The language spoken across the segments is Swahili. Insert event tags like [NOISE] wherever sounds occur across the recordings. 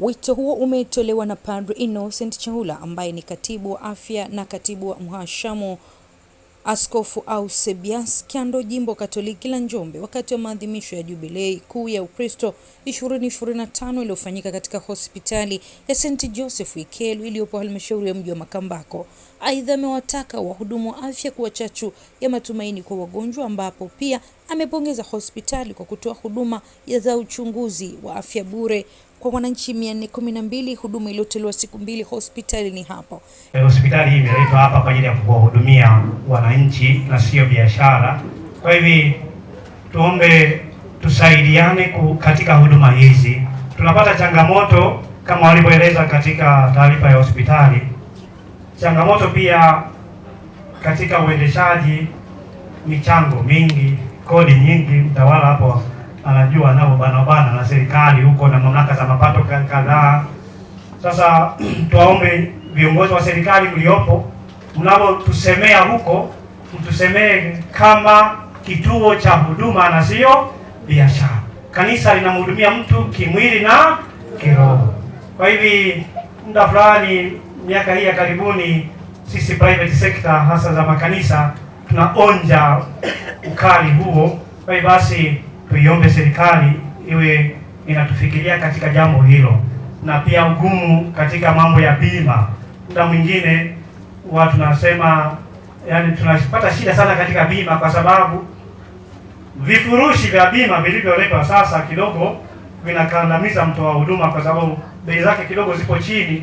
Wito huo umetolewa na Padre Innocent Chaula ambaye ni katibu wa afya na katibu wa mhashamu Askofu Eusebius Kyando jimbo Katoliki la Njombe wakati wa maadhimisho ya jubilei kuu ya Ukristo 2025 iliyofanyika katika hospitali ya St Joseph Ikelu iliyopo halmashauri ya mji wa Makambako. Aidha, amewataka wahudumu wa afya kuwa chachu ya matumaini kwa wagonjwa, ambapo pia amepongeza hospitali kwa kutoa huduma za uchunguzi wa afya bure kwa wananchi 412 huduma iliyotolewa siku mbili hospitali ni hapo. Eh, hospitali hii imeletwa hapa kwa ajili ya kuwahudumia wananchi na sio biashara. Kwa hivi tuombe tusaidiane katika huduma hizi. Tunapata changamoto kama walivyoeleza katika taarifa ya hospitali, changamoto pia katika uendeshaji, michango mingi, kodi nyingi. Mtawala hapo anajua serikali huko na mamlaka za mapato kadhaa. Sasa [CLEARS THROAT] tuwaombe viongozi wa serikali mliopo, mnapotusemea huko mtusemee kama kituo cha huduma na sio biashara. Kanisa linamhudumia mtu kimwili na kiroho. Kwa hivi muda fulani, miaka hii ya karibuni, sisi private sector hasa za makanisa tunaonja ukali huo. Kwa hivyo basi tuiombe serikali iwe inatufikiria katika jambo hilo, na pia ugumu katika mambo ya bima. Muda mwingine huwa tunasema yani, tunapata shida sana katika bima kwa sababu vifurushi vya bima vilivyoletwa sasa kidogo vinakandamiza mtoa huduma kwa sababu bei zake kidogo zipo chini.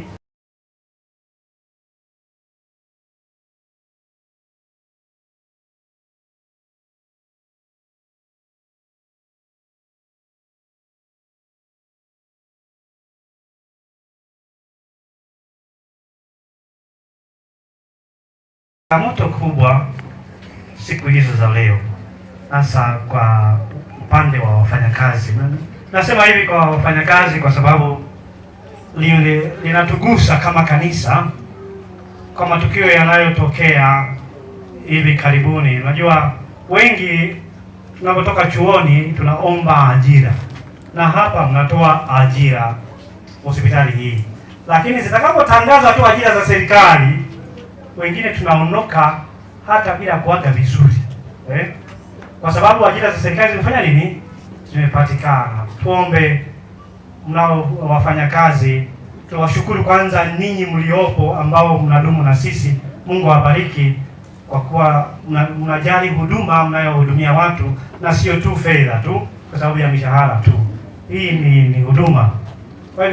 Changamoto kubwa siku hizo za leo, hasa kwa upande wa wafanyakazi. Nasema hivi kwa wafanyakazi kwa sababu linatugusa kama kanisa, kwa matukio yanayotokea hivi karibuni. Unajua, wengi tunapotoka chuoni tunaomba ajira, na hapa mnatoa ajira hospitali hii, lakini zitakapotangaza tu ajira za serikali wengine tunaondoka hata bila kuaga vizuri eh? Kwa sababu ajira za serikali zimefanya nini? Zimepatikana. Tuombe mnao wafanyakazi, tuwashukuru kwanza ninyi mliopo ambao mnadumu na sisi. Mungu awabariki kwa kuwa mnajali huduma mnayohudumia watu na sio tu fedha tu, kwa sababu ya mishahara tu. Hii ni, ni huduma.